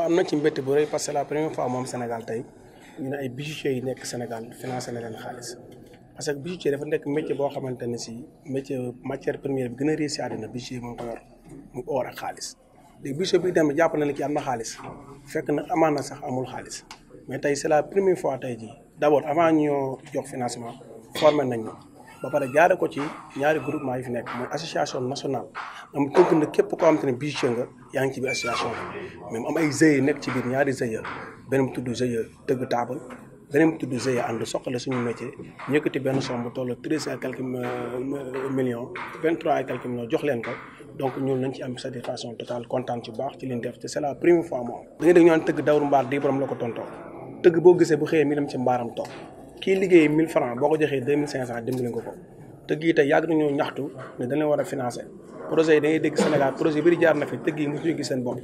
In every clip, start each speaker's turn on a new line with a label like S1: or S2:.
S1: waaw am na ci mbétt bu rëy parce que la première fois moom Sénégal tey ñu ne ay bijoutiers yi nekk Sénégal financé na leen xaalis parce que bijoutier dafa nekk métier boo xamante ne si métier matière première bi gën a riche addina àddina bijoutier moo ko mu oor ak xaalis léegi bijoutier bi demee jàpp na ne ci am na xaalis fekk na amaan na sax amul xaalis mais tey c'est la première fois tey jii d'abord avant ñoo jox financement formé nañ ba pare jaare ko ci ñaari groupement yi fi nekk mooy association national am tënk na képp koo xam te ne bijoutier nga yaa ngi ci biir association bi am ay GIE nekk ci biir ñaari GIE beneen tudd tëgg taabal beneen tudd GIE ànd soxla suñu métier ñëkkati benn somme bu toll treize et quelques euh, millions vingt jox leen ko donc ñun lañ ci am satisfaction totale kontaan ci baax ci liñ def te c'est la première fois moom da nga dégg ñu naan tëgg dawru mbaar di borom la ko tontoo tëgg boo gisee bu xëyee mi dem ci mbaaram toog kii liggéey 1000 francs boo ko joxee 2500 dimbali nga ko tëgg yi tey yàgg nañoo ñaxtu ne dañ war a financer projet yi da ngay dégg Sénégal projet yu bëri jaar na fi tëgg yi mosuñu gis seen bopp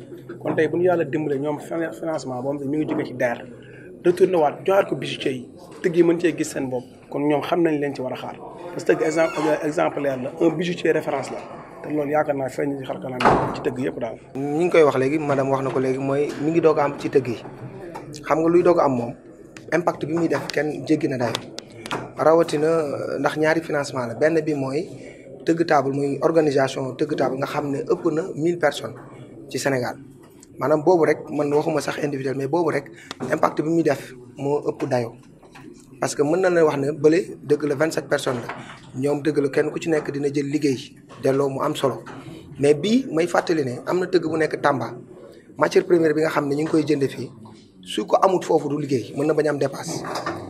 S1: yàlla dimbale ñoom financement boobu ñu ngi jóge ci DER retourné waat joxaat ko bijoutier yi mën cee gis seen bopp kon ñoom xam nañ leen ci war a xaar parce que tëgg exemplaire la un bijoutier référence la te loolu
S2: yaakaar naa feeñ ci xar kanam ci tëgg yëpp daal. ñi ngi koy wax léegi madame wax na ko léegi mooy mu ngi doog a am ci tëgg yi xam nga luy doog am moom impact bi muy def kenn jéggi na dayo rawatina euh, ndax ñaari financement la benn bi mooy tëgg table muy organisation tëgg table nga xam ne ëpp na mille personnes ci Sénégal maanaam boobu rek man waxuma sax individuel mais boobu rek impact bi muy def moo ëpp dayo parce que mën na la wax ne bële dëgg la vingt sept personnes la ñoom dëgg la kenn ku ci nekk dina jël liggéey delloo mu am solo mais bi may fàttali ne am na tëgg bu nekk Tamba matière première bi nga xam ne ñu ngi koy jënde fii suko amut fofu du liggey mën na bañ am dépasse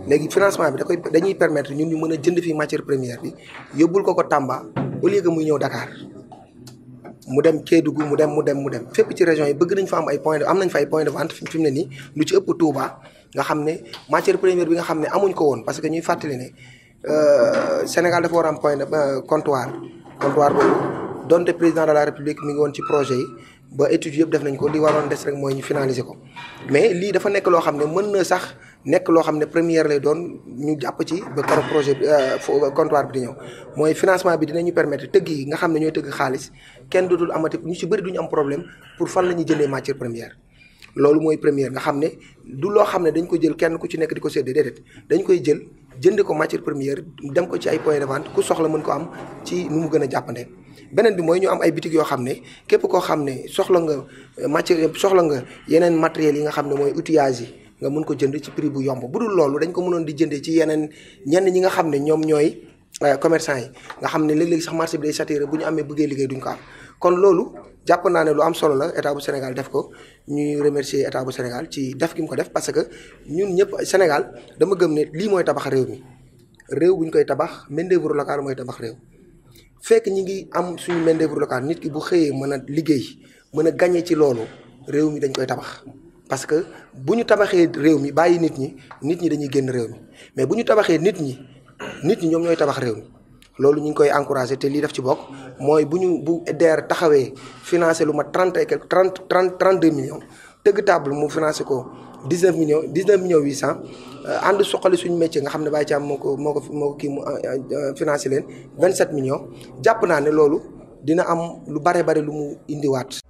S2: légui financement bi da koy dañuy permettre ñun ñu mën jënd fi matière première bi yobul ko ko Tamba au lieu que muy ñew Dakar mu dem Kédougou mu dem mu dem mu dem fépp ci région yi bëgg nañ fa am ay point am nañ fa ay point de vente fi fi ni lu ci ëpp Touba nga xamné matière première bi nga xamné amuñ ko won parce que ñuy né euh Sénégal dafa war am point de euh, comptoir comptoir boobu donte président de la république mi ngi won ci projet yi ba étude yëpp def nañ ko li waroon des rek mooy ñu finaliser ko mais lii dafa nekk loo xam ne mën na sax nekk loo xam ne première lay doon ñu jàpp ci ba karo projet bi euh, euh, comptoir bi di mooy financement bi dinañu permettre tëgg yi nga xam ne ñooy tëgg xaalis kenn dootul amati ñu ci bëri duñu am problème pour fan la ñuy jëndee matière première loolu mooy première nga xam ne du loo xam ne dañ ko jël kenn ku ci nekk di ko séddee déedéet dañ koy jël jënd ko matière première dem ko ci ay point de vente ku soxla mën ko am ci nu mu gën a jàppande beneen bi mooy ñu am ay bitik yoo xam ne képp koo xam ne soxla nga euh, matière soxla nga yeneen matériels yi nga xam ne mooy outillage yi nga mën ko jënd ci prix bu yomb bu dul loolu dañ ko mënoon di jëndee ci yeneen ñenn ñi nga xam ne ñoom ñooy euh, commercant yi nga xam ne léeg-léeg sax marché bi day saturé bu ñu amee bëggee liggéey duñ ko am kon loolu jàpp naa ne lu am solo la état bu Sénégal def ko ñuy remercier état bu Sénégal ci def gi ko def parce que ñun ñëpp Sénégal dama gëm ne lii mooy tabax réew mi réew bu ñu koy tabax main-d'œuvre locale tabax réew. fekk ñi ngi am suñu main-d'œuvre locale nit ki bu xëyee mën a liggéey mën ci loolu réew mi dañ koy tabax parce que bu ñu tabaxee mi bàyyi nit ñi nit ñi dañuy génn réew mi mais bu ñu tabaxee nit ñi nit ñi ñoom tabax réew mi. loolu ñu ngi koy encouragé te lii def ci bokk mooy bu ñu bu DER taxawee financer lu ma trente et quelque trente trente trente deux millions tëgg table mu financé ko dix neuf millions dix neuf millions cent. Euh, ànd soxali suñu métier nga xam ne Baye Thiam moo ko moo ko moo kii mu euh, euh, financé leen vingt sept millions jàpp naa ne loolu dina am lu bare bare lu mu indiwaat.